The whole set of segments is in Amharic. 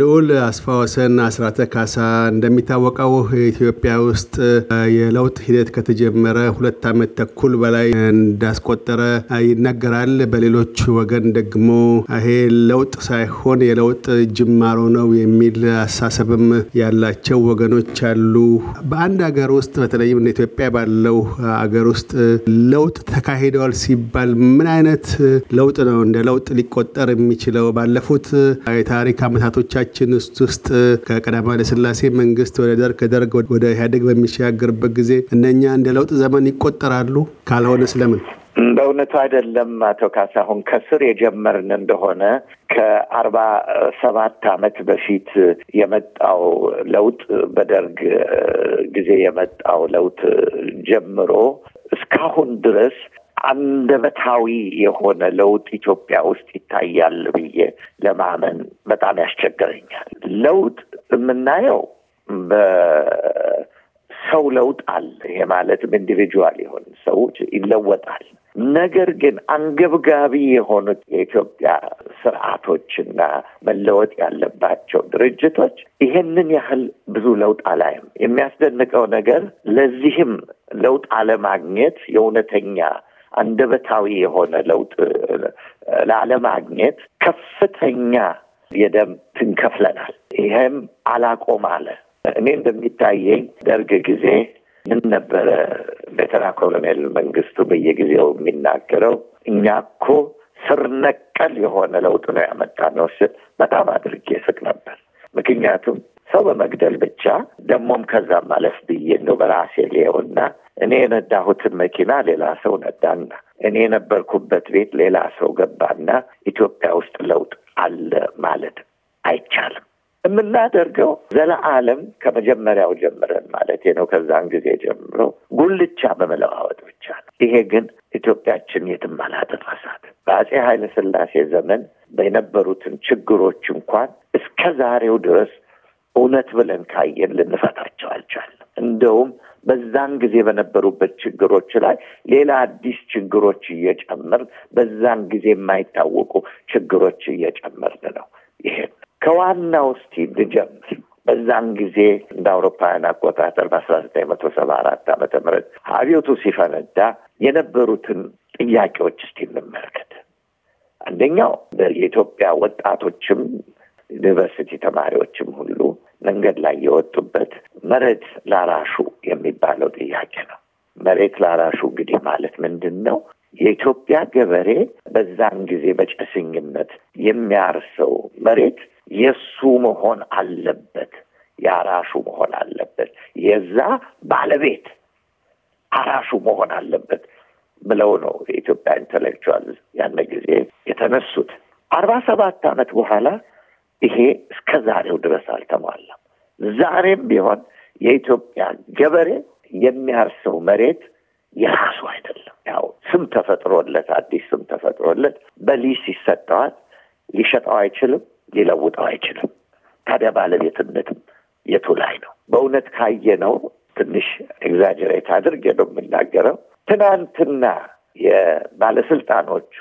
ልዑል አስፋ ወሰን አስራተ ካሳ፣ እንደሚታወቀው ኢትዮጵያ ውስጥ የለውጥ ሂደት ከተጀመረ ሁለት ዓመት ተኩል በላይ እንዳስቆጠረ ይነገራል። በሌሎች ወገን ደግሞ ይሄ ለውጥ ሳይሆን የለውጥ ጅማሮ ነው የሚል አሳሰብም ያላቸው ወገኖች አሉ። በአንድ ሀገር ውስጥ በተለይም እንደ ኢትዮጵያ ባለው አገር ውስጥ ለውጥ ተካሂደዋል ሲባል ምን አይነት ለውጥ ነው እንደ ለውጥ ሊቆጠር የሚችለው? ባለፉት የታሪክ አመታቶቻ በሀገራችን ውስጥ ከቀዳማዊ ኃይለሥላሴ መንግስት ወደ ደርግ ከደርግ ወደ ኢህአዴግ በሚሸጋገርበት ጊዜ እነኛ እንደ ለውጥ ዘመን ይቆጠራሉ? ካልሆነ ስለምን? በእውነቱ አይደለም አቶ ካሳሁን፣ ከስር የጀመርን እንደሆነ ከአርባ ሰባት አመት በፊት የመጣው ለውጥ በደርግ ጊዜ የመጣው ለውጥ ጀምሮ እስካሁን ድረስ አንደበታዊ የሆነ ለውጥ ኢትዮጵያ ውስጥ ይታያል ብዬ ለማመን በጣም ያስቸግረኛል። ለውጥ የምናየው በሰው ለውጥ አለ። ይሄ ማለትም ኢንዲቪጁዋል የሆነ ሰዎች ይለወጣል። ነገር ግን አንገብጋቢ የሆኑት የኢትዮጵያ ስርዓቶችና መለወጥ ያለባቸው ድርጅቶች ይሄንን ያህል ብዙ ለውጥ አላይም። የሚያስደንቀው ነገር ለዚህም ለውጥ አለማግኘት የእውነተኛ አንደበታዊ የሆነ ለውጥ ላለማግኘት ከፍተኛ የደም ትንከፍለናል። ይሄም አላቆም አለ። እኔ እንደሚታየኝ ደርግ ጊዜ ምን ነበረ ሌተና ኮሎኔል መንግስቱ በየጊዜው የሚናገረው እኛ እኮ ስር ነቀል የሆነ ለውጥ ነው ያመጣ ነው ስል በጣም አድርጌ ስቅ ነበር። ምክንያቱም ሰው በመግደል ብቻ ደግሞም ከዛም ማለፍ ብዬ ነው በራሴ ሊየውና እኔ የነዳሁትን መኪና ሌላ ሰው ነዳና እኔ የነበርኩበት ቤት ሌላ ሰው ገባና ኢትዮጵያ ውስጥ ለውጥ አለ ማለት አይቻልም። የምናደርገው ዘለዓለም ከመጀመሪያው ጀምረን ማለት ነው ከዛን ጊዜ ጀምሮ ጉልቻ በመለዋወጥ ብቻ ነው። ይሄ ግን ኢትዮጵያችን የትም አላደረሳት። በአጼ ኃይለ ስላሴ ዘመን የነበሩትን ችግሮች እንኳን እስከ ዛሬው ድረስ እውነት ብለን ካየን ልንፈታቸው አልቻለም። እንደውም በዛን ጊዜ በነበሩበት ችግሮች ላይ ሌላ አዲስ ችግሮች እየጨመርን በዛን ጊዜ የማይታወቁ ችግሮች እየጨመርን ነው። ይሄ ከዋናው ስቲ ልጀምር። በዛን ጊዜ እንደ አውሮፓውያን አቆጣጠር በአስራ ዘጠኝ መቶ ሰባ አራት ዓመተ ምህረት አብዮቱ ሲፈነዳ የነበሩትን ጥያቄዎች እስቲ እንመልከት። አንደኛው የኢትዮጵያ ወጣቶችም ዩኒቨርሲቲ ተማሪዎችም ሁሉ መንገድ ላይ የወጡበት መሬት ላራሹ የሚ የሚባለው ጥያቄ ነው። መሬት ላራሹ እንግዲህ ማለት ምንድን ነው? የኢትዮጵያ ገበሬ በዛን ጊዜ በጨስኝነት የሚያርሰው መሬት የሱ መሆን አለበት፣ የአራሹ መሆን አለበት፣ የዛ ባለቤት አራሹ መሆን አለበት ብለው ነው የኢትዮጵያ ኢንተሌክቹዋል ያነ ጊዜ የተነሱት። አርባ ሰባት ዓመት በኋላ ይሄ እስከ ዛሬው ድረስ አልተሟላም። ዛሬም ቢሆን የኢትዮጵያ ገበሬ የሚያርሰው መሬት የራሱ አይደለም። ያው ስም ተፈጥሮለት አዲስ ስም ተፈጥሮለት በሊስ ይሰጠዋል። ሊሸጠው አይችልም፣ ሊለውጠው አይችልም። ታዲያ ባለቤትነትም የቱ ላይ ነው? በእውነት ካየ ነው ትንሽ ኤግዛጀሬት አድርጌ ነው የምናገረው። ትናንትና የባለስልጣኖቹ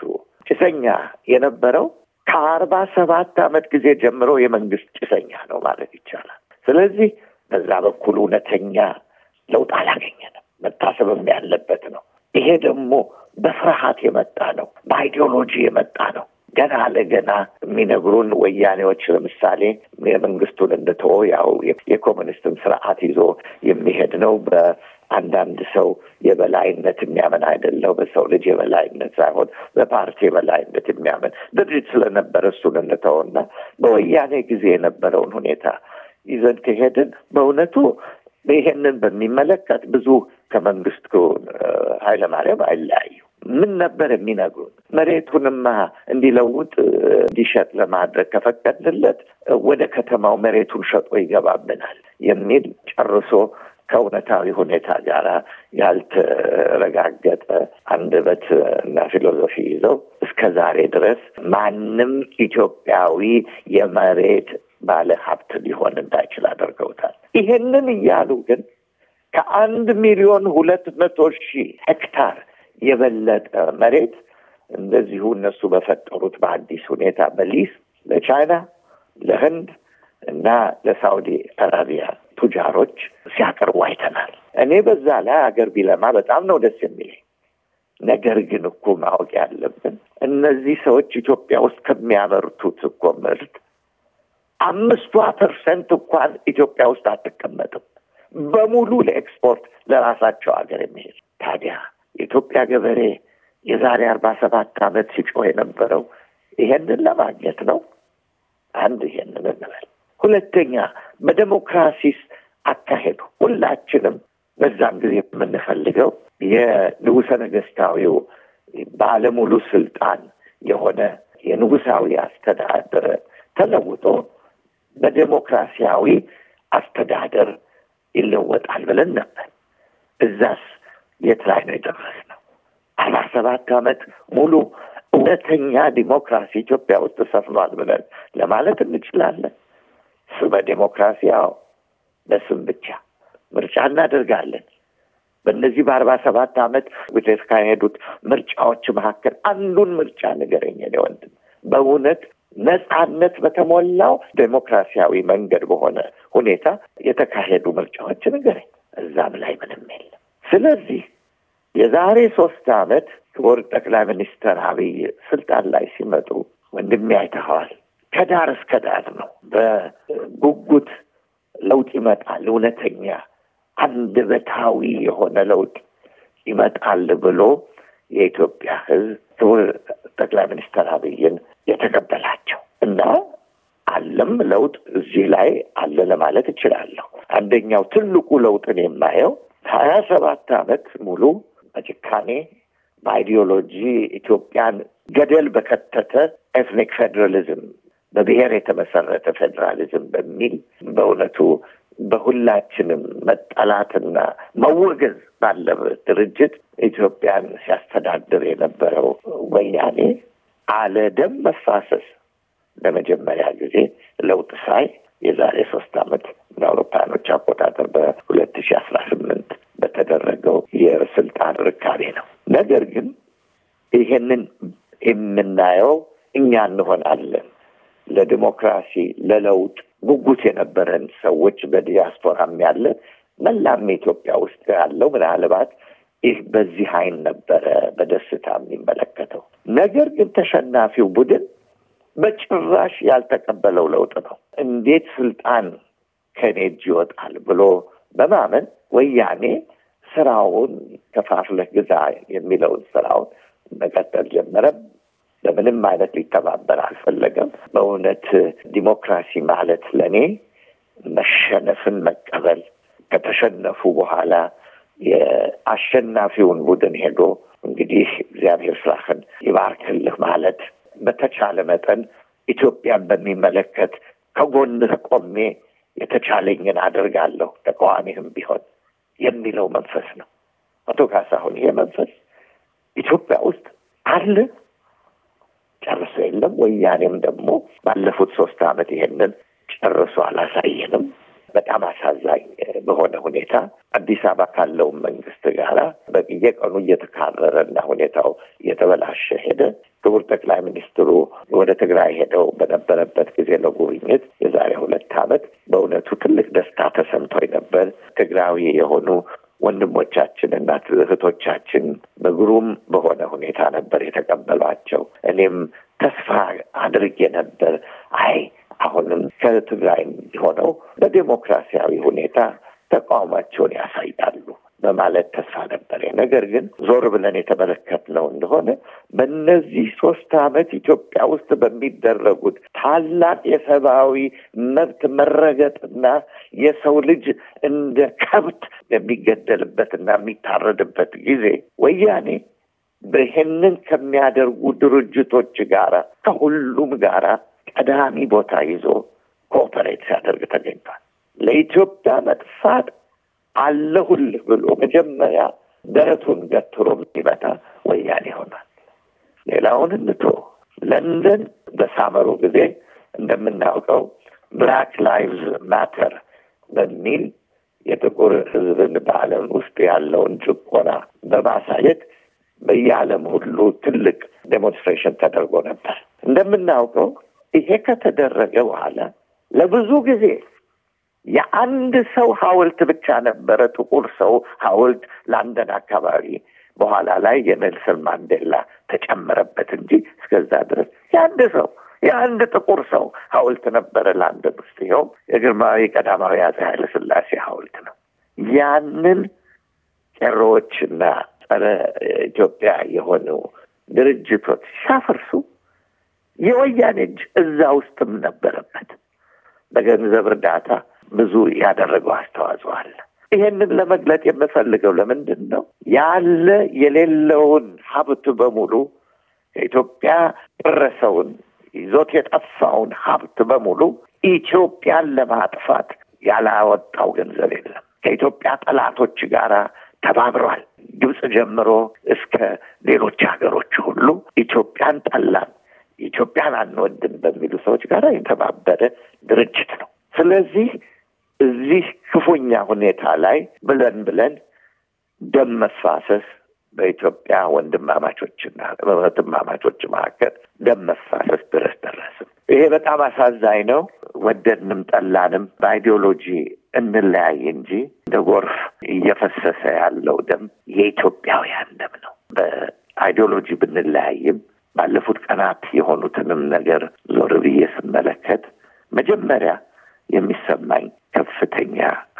ጭሰኛ የነበረው ከአርባ ሰባት ዓመት ጊዜ ጀምሮ የመንግስት ጭሰኛ ነው ማለት ይቻላል። ስለዚህ በዛ በኩል እውነተኛ ለውጥ አላገኘንም። መታሰብም ያለበት ነው። ይሄ ደግሞ በፍርሃት የመጣ ነው። በአይዲዮሎጂ የመጣ ነው። ገና ለገና የሚነግሩን ወያኔዎች ለምሳሌ የመንግስቱን እንድቶ ያው የኮሚኒስትን ስርዓት ይዞ የሚሄድ ነው። በአንዳንድ ሰው የበላይነት የሚያምን አይደለው። በሰው ልጅ የበላይነት ሳይሆን በፓርቲ የበላይነት የሚያምን ድርጅት ስለነበረ እሱን እንተወና በወያኔ ጊዜ የነበረውን ሁኔታ ይዘን ከሄድን በእውነቱ ይሄንን በሚመለከት ብዙ ከመንግስቱ ኃይለማርያም አይለያዩ ምን ነበር የሚነግሩ መሬቱንማ እንዲለውጥ እንዲሸጥ ለማድረግ ከፈቀድንለት ወደ ከተማው መሬቱን ሸጦ ይገባብናል የሚል ጨርሶ ከእውነታዊ ሁኔታ ጋር ያልተረጋገጠ አንደበት እና ፊሎሶፊ ይዘው እስከ ዛሬ ድረስ ማንም ኢትዮጵያዊ የመሬት ባለ ሀብት ሊሆን እንዳይችል አድርገውታል። ይሄንን እያሉ ግን ከአንድ ሚሊዮን ሁለት መቶ ሺህ ሄክታር የበለጠ መሬት እንደዚሁ እነሱ በፈጠሩት በአዲስ ሁኔታ በሊስ ለቻይና፣ ለህንድ እና ለሳውዲ አረቢያ ቱጃሮች ሲያቀርቡ አይተናል። እኔ በዛ ላይ አገር ቢለማ በጣም ነው ደስ የሚለኝ። ነገር ግን እኮ ማወቅ ያለብን እነዚህ ሰዎች ኢትዮጵያ ውስጥ ከሚያመርቱት እኮ ምርት አምስቷ ፐርሰንት እንኳን ኢትዮጵያ ውስጥ አትቀመጥም። በሙሉ ለኤክስፖርት ለራሳቸው ሀገር የሚሄድ ታዲያ የኢትዮጵያ ገበሬ የዛሬ አርባ ሰባት ዓመት ሲጮህ የነበረው ይሄንን ለማግኘት ነው። አንድ ይሄንን እንበል። ሁለተኛ በዴሞክራሲስ አካሄዱ ሁላችንም በዛም ጊዜ የምንፈልገው የንጉሰ ነገስታዊው ባለሙሉ ስልጣን የሆነ የንጉሳዊ አስተዳደር ተለውጦ በዴሞክራሲያዊ አስተዳደር ይለወጣል ብለን ነበር። እዛስ የት ላይ ነው የደረስነው? አርባ ሰባት ዓመት ሙሉ እውነተኛ ዲሞክራሲ ኢትዮጵያ ውስጥ ሰፍኗል ብለን ለማለት እንችላለን? ስመ ዲሞክራሲ ያው በስም ብቻ ምርጫ እናደርጋለን። በእነዚህ በአርባ ሰባት ዓመት ካሄዱት ምርጫዎች መካከል አንዱን ምርጫ ንገረኝ ወንድም፣ በእውነት ነጻነት በተሞላው ዴሞክራሲያዊ መንገድ በሆነ ሁኔታ የተካሄዱ ምርጫዎች ንገረኝ። እዛም ላይ ምንም የለም። ስለዚህ የዛሬ ሶስት አመት ክቡር ጠቅላይ ሚኒስትር አብይ ስልጣን ላይ ሲመጡ ወንድሜ አይተኸዋል። ከዳር እስከ ዳር ነው። በጉጉት ለውጥ ይመጣል፣ እውነተኛ በታዊ የሆነ ለውጥ ይመጣል ብሎ የኢትዮጵያ ሕዝብ ክቡር ጠቅላይ ሚኒስትር አብይን የተቀበላቸው እና አለም ለውጥ እዚህ ላይ አለ ለማለት እችላለሁ። አንደኛው ትልቁ ለውጥን የማየው ሀያ ሰባት አመት ሙሉ በጭካኔ በአይዲዮሎጂ ኢትዮጵያን ገደል በከተተ ኤትኒክ ፌዴራሊዝም፣ በብሔር የተመሰረተ ፌዴራሊዝም በሚል በእውነቱ በሁላችንም መጠላትና መወገዝ ባለበት ድርጅት ኢትዮጵያን ሲያስተዳድር የነበረው ወያኔ አለ ደም መፋሰስ ለመጀመሪያ ጊዜ ለውጥ ሳይ የዛሬ ሶስት አመት በአውሮፓኖች አቆጣጠር በሁለት ሺ አስራ ስምንት በተደረገው የስልጣን ርካቤ ነው። ነገር ግን ይሄንን የምናየው እኛ እንሆናለን ለዲሞክራሲ ለለውጥ ጉጉት የነበረን ሰዎች በዲያስፖራም ያለ መላም ኢትዮጵያ ውስጥ ያለው ምናልባት ይህ በዚህ አይን ነበረ በደስታ የሚመለከተው። ነገር ግን ተሸናፊው ቡድን በጭራሽ ያልተቀበለው ለውጥ ነው። እንዴት ስልጣን ከኔ እጅ ይወጣል ብሎ በማመን ወያኔ ስራውን ከፋፍለህ ግዛ የሚለውን ስራውን መቀጠል ጀመረ። ለምንም አይነት ሊተባበር አልፈለገም። በእውነት ዲሞክራሲ ማለት ለእኔ መሸነፍን መቀበል፣ ከተሸነፉ በኋላ የአሸናፊውን ቡድን ሄዶ እንግዲህ እግዚአብሔር ስራህን ይባርክልህ ማለት በተቻለ መጠን ኢትዮጵያን በሚመለከት ከጎንህ ቆሜ የተቻለኝን አድርጋለሁ ተቃዋሚህም ቢሆን የሚለው መንፈስ ነው። አቶ ካሳሁን ይሄ መንፈስ ኢትዮጵያ ውስጥ አለ። ጨርሶ የለም። ወያኔም ደግሞ ባለፉት ሶስት ዓመት ይሄንን ጨርሶ አላሳየንም። በጣም አሳዛኝ በሆነ ሁኔታ አዲስ አበባ ካለው መንግስት ጋራ በየቀኑ እየተካረረ እና ሁኔታው እየተበላሸ ሄደ። ክቡር ጠቅላይ ሚኒስትሩ ወደ ትግራይ ሄደው በነበረበት ጊዜ ለጉብኝት የዛሬ ሁለት ዓመት በእውነቱ ትልቅ ደስታ ተሰምቶኝ ነበር። ትግራዊ የሆኑ ወንድሞቻችን እና እህቶቻችን በግሩም በሆነ ሁኔታ ነበር የተቀበሏቸው። እኔም ተስፋ አድርጌ ነበር አይ አሁንም ከትግራይ የሆነው በዴሞክራሲያዊ ሁኔታ ተቃውሟቸውን ያሳያሉ በማለት ተስፋ ነበር ነገር ግን ዞር ብለን የተመለከትነው እንደሆነ በእነዚህ ሶስት ዓመት ኢትዮጵያ ውስጥ በሚደረጉት ታላቅ የሰብአዊ መብት መረገጥና የሰው ልጅ እንደ ከብት የሚገደልበትና የሚታረድበት ጊዜ ወያኔ ይህንን ከሚያደርጉ ድርጅቶች ጋር ከሁሉም ጋር ቀዳሚ ቦታ ይዞ ኮኦፐሬት ሲያደርግ ተገኝቷል። ለኢትዮጵያ መጥፋት አለሁልህ ብሎ መጀመሪያ ደረቱን ገትሮ የሚመታ ወያኔ ሆኗል። ሌላውን እንቶ ለንደን በሳመሩ ጊዜ እንደምናውቀው ብላክ ላይቭዝ ማተር በሚል የጥቁር ሕዝብን በዓለም ውስጥ ያለውን ጭቆና በማሳየት በየዓለም ሁሉ ትልቅ ዴሞንስትሬሽን ተደርጎ ነበር። እንደምናውቀው ይሄ ከተደረገ በኋላ ለብዙ ጊዜ የአንድ ሰው ሐውልት ብቻ ነበረ ጥቁር ሰው ሐውልት ለንደን አካባቢ በኋላ ላይ የኔልሰን ማንዴላ ተጨመረበት እንጂ እስከዛ ድረስ የአንድ ሰው የአንድ ጥቁር ሰው ሐውልት ነበረ ለአንድ ውስጥ። ይኸውም የግርማዊ ቀዳማዊ አፄ ኃይለ ሥላሴ ሐውልት ነው። ያንን ቄሮዎችና ጸረ ኢትዮጵያ የሆኑ ድርጅቶች ሲያፈርሱ የወያኔ እጅ እዛ ውስጥም ነበረበት። በገንዘብ እርዳታ ብዙ ያደረገው አስተዋጽኦ አለ። ይሄንን ለመግለጥ የምፈልገው ለምንድን ነው ያለ የሌለውን ሀብት በሙሉ ኢትዮጵያ ደረሰውን ይዞት የጠፋውን ሀብት በሙሉ ኢትዮጵያን ለማጥፋት ያላወጣው ገንዘብ የለም። ከኢትዮጵያ ጠላቶች ጋር ተባብሯል። ግብፅ ጀምሮ እስከ ሌሎች ሀገሮች ሁሉ ኢትዮጵያን ጠላን፣ ኢትዮጵያን አንወድን በሚሉ ሰዎች ጋር የተባበረ ድርጅት ነው። ስለዚህ እዚህ ክፉኛ ሁኔታ ላይ ብለን ብለን ደም መፋሰስ በኢትዮጵያ ወንድማማቾችና እህትማማቾች መካከል ደም መፋሰስ ድረስ ደረስም። ይሄ በጣም አሳዛኝ ነው። ወደድንም ጠላንም በአይዲዮሎጂ እንለያይ እንጂ እንደ ጎርፍ እየፈሰሰ ያለው ደም የኢትዮጵያውያን ደም ነው። በአይዲዮሎጂ ብንለያይም ባለፉት ቀናት የሆኑትንም ነገር ዞር ብዬ ስመለከት መጀመሪያ የሚሰማኝ ከፍተኛ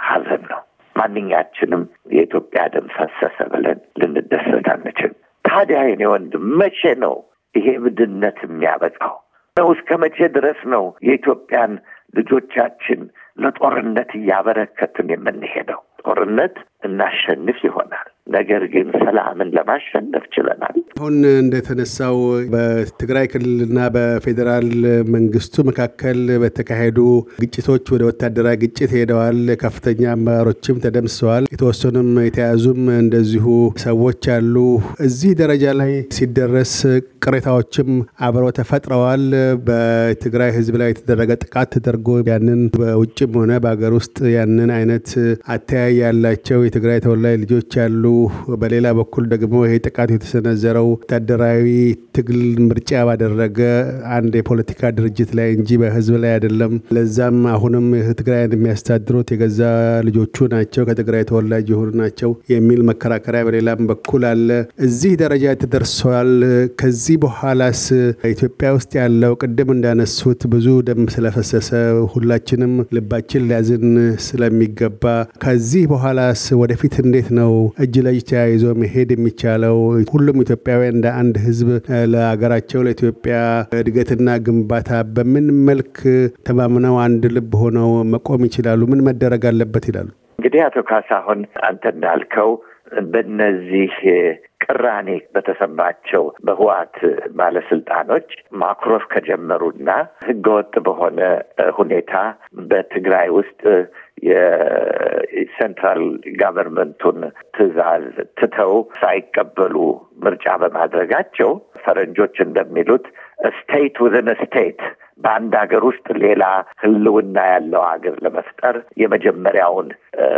ሀዘን ነው። ማንኛችንም የኢትዮጵያ ደም ፈሰሰ ብለን ልንደሰት አንችል። ታዲያ የኔ ወንድም መቼ ነው ይሄ ብድነት የሚያበቃው? ነው እስከ መቼ ድረስ ነው የኢትዮጵያን ልጆቻችን ለጦርነት እያበረከትን የምንሄደው? ጦርነት እናሸንፍ ይሆናል ነገር ግን ሰላምን ለማሸነፍ ችለናል። አሁን እንደተነሳው በትግራይ ክልልና በፌዴራል መንግስቱ መካከል በተካሄዱ ግጭቶች ወደ ወታደራዊ ግጭት ሄደዋል። ከፍተኛ አመራሮችም ተደምሰዋል። የተወሰኑም የተያዙም እንደዚሁ ሰዎች አሉ። እዚህ ደረጃ ላይ ሲደረስ ቅሬታዎችም አብረው ተፈጥረዋል። በትግራይ ህዝብ ላይ የተደረገ ጥቃት ተደርጎ ያንን በውጭም ሆነ በሀገር ውስጥ ያንን አይነት አተያይ ያላቸው የትግራይ ተወላጅ ልጆች አሉ። በሌላ በኩል ደግሞ ይህ ጥቃት የተሰነዘረው ወታደራዊ ትግል ምርጫ ባደረገ አንድ የፖለቲካ ድርጅት ላይ እንጂ በህዝብ ላይ አይደለም። ለዛም አሁንም ትግራይን የሚያስተዳድሩት የገዛ ልጆቹ ናቸው፣ ከትግራይ ተወላጅ የሆኑ ናቸው የሚል መከራከሪያ በሌላም በኩል አለ። እዚህ ደረጃ ተደርሷል። ከዚህ በኋላስ ኢትዮጵያ ውስጥ ያለው ቅድም እንዳነሱት ብዙ ደም ስለፈሰሰ ሁላችንም ልባችን ሊያዝን ስለሚገባ ከዚህ በኋላስ ወደፊት እንዴት ነው እጅ ላይ ተያይዞ መሄድ የሚቻለው ሁሉም ኢትዮጵያውያን እንደ አንድ ህዝብ ለሀገራቸው ለኢትዮጵያ እድገትና ግንባታ በምን መልክ ተማምነው አንድ ልብ ሆነው መቆም ይችላሉ? ምን መደረግ አለበት ይላሉ? እንግዲህ አቶ ካሳሁን አንተ እንዳልከው በነዚህ ቅራኔ በተሰማቸው በህወሓት ባለስልጣኖች ማኩረፍ ከጀመሩና ህገወጥ በሆነ ሁኔታ በትግራይ ውስጥ የሴንትራል ጋቨርንመንቱን ትዕዛዝ ትተው ሳይቀበሉ ምርጫ በማድረጋቸው ፈረንጆች እንደሚሉት ስቴት ውዝን ስቴት በአንድ ሀገር ውስጥ ሌላ ህልውና ያለው ሀገር ለመፍጠር የመጀመሪያውን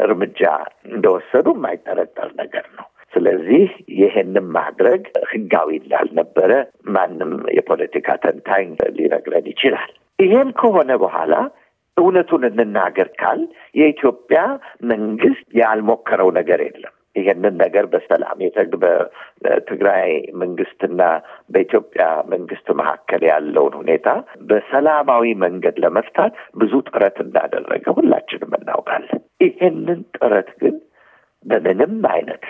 እርምጃ እንደወሰዱ የማይጠረጠር ነገር ነው። ስለዚህ ይሄንን ማድረግ ህጋዊ እንዳልነበረ ማንም የፖለቲካ ተንታኝ ሊነግረን ይችላል። ይሄም ከሆነ በኋላ እውነቱን እንናገር ካል የኢትዮጵያ መንግስት ያልሞከረው ነገር የለም። ይሄንን ነገር በሰላም በትግራይ መንግስትና በኢትዮጵያ መንግስት መካከል ያለውን ሁኔታ በሰላማዊ መንገድ ለመፍታት ብዙ ጥረት እንዳደረገ ሁላችንም እናውቃለን። ይሄንን ጥረት ግን በምንም አይነት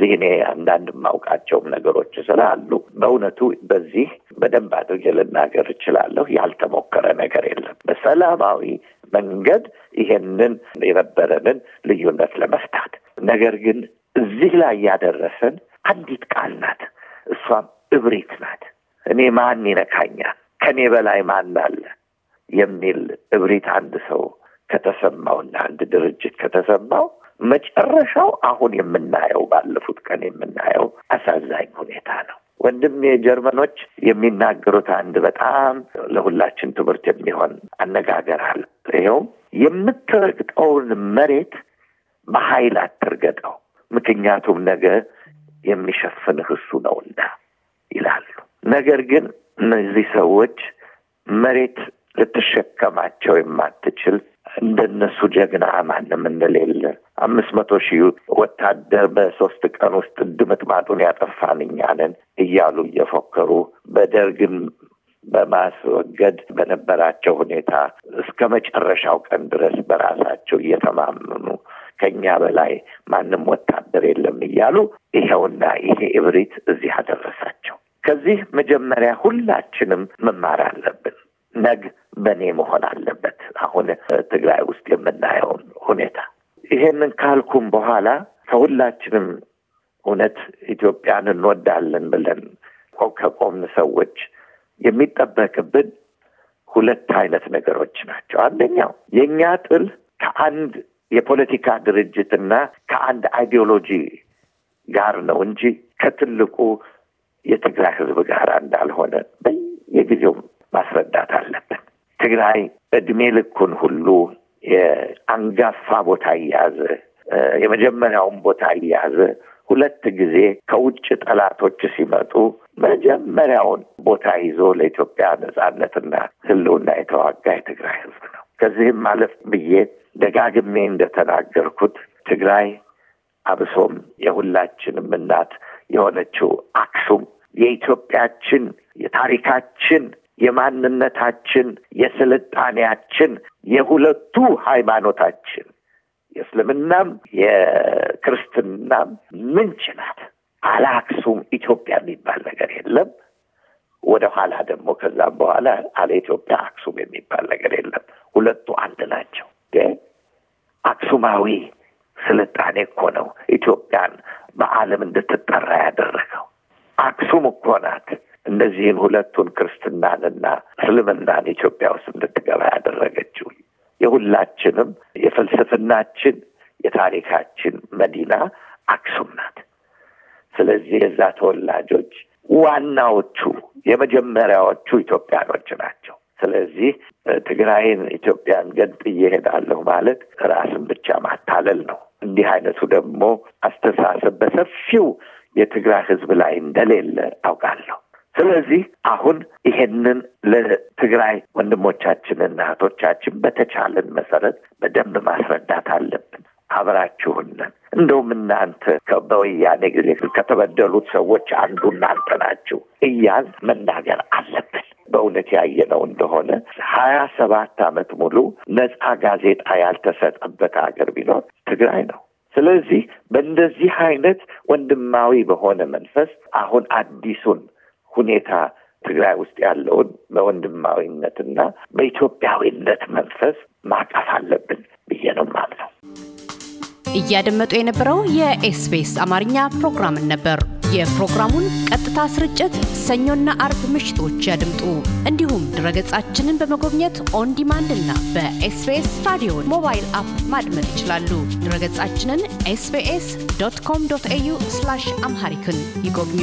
ስለዚህ እኔ አንዳንድ የማውቃቸውም ነገሮች ስላሉ በእውነቱ በዚህ በደንብ አድርጌ ልናገር እችላለሁ። ያልተሞከረ ነገር የለም። በሰላማዊ መንገድ ይሄንን የነበረንን ልዩነት ለመፍታት ነገር ግን እዚህ ላይ ያደረሰን አንዲት ቃል ናት። እሷም እብሪት ናት። እኔ ማን ይነካኛል፣ ከእኔ በላይ ማን አለ የሚል እብሪት አንድ ሰው ከተሰማውና አንድ ድርጅት ከተሰማው መጨረሻው አሁን የምናየው ባለፉት ቀን የምናየው አሳዛኝ ሁኔታ ነው። ወንድም የጀርመኖች የሚናገሩት አንድ በጣም ለሁላችን ትምህርት የሚሆን አነጋገር አለ። ይኸውም የምትረግጠውን መሬት በኃይል አትርገጠው፣ ምክንያቱም ነገ የሚሸፍንህ እሱ ነውና ይላሉ። ነገር ግን እነዚህ ሰዎች መሬት ልትሸከማቸው የማትችል እንደነሱ ጀግና ማንም እንደሌለ አምስት መቶ ሺህ ወታደር በሶስት ቀን ውስጥ ድምጥማጡን ያጠፋን እኛ እያሉ እየፎከሩ በደርግን በማስወገድ በነበራቸው ሁኔታ እስከ መጨረሻው ቀን ድረስ በራሳቸው እየተማመኑ ከኛ በላይ ማንም ወታደር የለም እያሉ ይኸውና ይሄ እብሪት እዚህ አደረሳቸው። ከዚህ መጀመሪያ ሁላችንም መማር አለብን። ነግ በእኔ መሆን አለበት አሁን ትግራይ ውስጥ የምናየውን ሁኔታ። ይሄንን ካልኩም በኋላ ከሁላችንም እውነት ኢትዮጵያን እንወዳለን ብለን ከቆምን ሰዎች የሚጠበቅብን ሁለት አይነት ነገሮች ናቸው። አንደኛው የእኛ ጥል ከአንድ የፖለቲካ ድርጅትና ከአንድ አይዲዮሎጂ ጋር ነው እንጂ ከትልቁ የትግራይ ሕዝብ ጋር እንዳልሆነ በየጊዜው ማስረዳት አለብን። ትግራይ እድሜ ልኩን ሁሉ የአንጋፋ ቦታ እያዘ የመጀመሪያውን ቦታ እያዘ ሁለት ጊዜ ከውጭ ጠላቶች ሲመጡ መጀመሪያውን ቦታ ይዞ ለኢትዮጵያ ነጻነትና ሕልውና የተዋጋ የትግራይ ሕዝብ ነው። ከዚህም ማለፍ ብዬ ደጋግሜ እንደተናገርኩት ትግራይ አብሶም የሁላችንም እናት የሆነችው አክሱም የኢትዮጵያችን የታሪካችን የማንነታችን፣ የስልጣኔያችን፣ የሁለቱ ሃይማኖታችን የእስልምናም የክርስትናም ምንጭ ናት። አላክሱም ኢትዮጵያ የሚባል ነገር የለም። ወደ ኋላ ደግሞ ከዛም በኋላ አለ ኢትዮጵያ አክሱም የሚባል ነገር የለም። ሁለቱ አንድ ናቸው። አክሱማዊ ስልጣኔ እኮ ነው ኢትዮጵያን በዓለም እንድትጠራ ያደረገው። አክሱም እኮ ናት እነዚህን ሁለቱን ክርስትናንና እስልምናን ኢትዮጵያ ውስጥ እንድትገባ ያደረገችው የሁላችንም የፍልስፍናችን የታሪካችን መዲና አክሱም ናት። ስለዚህ የዛ ተወላጆች ዋናዎቹ የመጀመሪያዎቹ ኢትዮጵያኖች ናቸው። ስለዚህ ትግራይን ኢትዮጵያን ገንጥዬ እየሄዳለሁ ማለት ራስን ብቻ ማታለል ነው። እንዲህ አይነቱ ደግሞ አስተሳሰብ በሰፊው የትግራይ ሕዝብ ላይ እንደሌለ አውቃለሁ። ስለዚህ አሁን ይሄንን ለትግራይ ወንድሞቻችንና እህቶቻችን በተቻለን መሰረት በደንብ ማስረዳት አለብን። አብራችሁነን እንደውም እናንተ በወያኔ ጊዜ ከተበደሉት ሰዎች አንዱ እናንተ ናችሁ እያል መናገር አለብን። በእውነት ያየነው እንደሆነ ሀያ ሰባት አመት ሙሉ ነጻ ጋዜጣ ያልተሰጠበት ሀገር ቢኖር ትግራይ ነው። ስለዚህ በእንደዚህ አይነት ወንድማዊ በሆነ መንፈስ አሁን አዲሱን ሁኔታ ትግራይ ውስጥ ያለውን በወንድማዊነትና በኢትዮጵያዊነት መንፈስ ማቀፍ አለብን ብዬ ነው የማምነው። እያደመጡ የነበረው የኤስቢኤስ አማርኛ ፕሮግራምን ነበር። የፕሮግራሙን ቀጥታ ስርጭት ሰኞና አርብ ምሽቶች ያድምጡ። እንዲሁም ድረገጻችንን በመጎብኘት ኦን ዲማንድ እና በኤስቢኤስ ራዲዮን ሞባይል አፕ ማድመጥ ይችላሉ። ድረገጻችንን ኤስቢኤስ ዶት ኮም ዶት ኤዩ አምሃሪክን ይጎብኙ።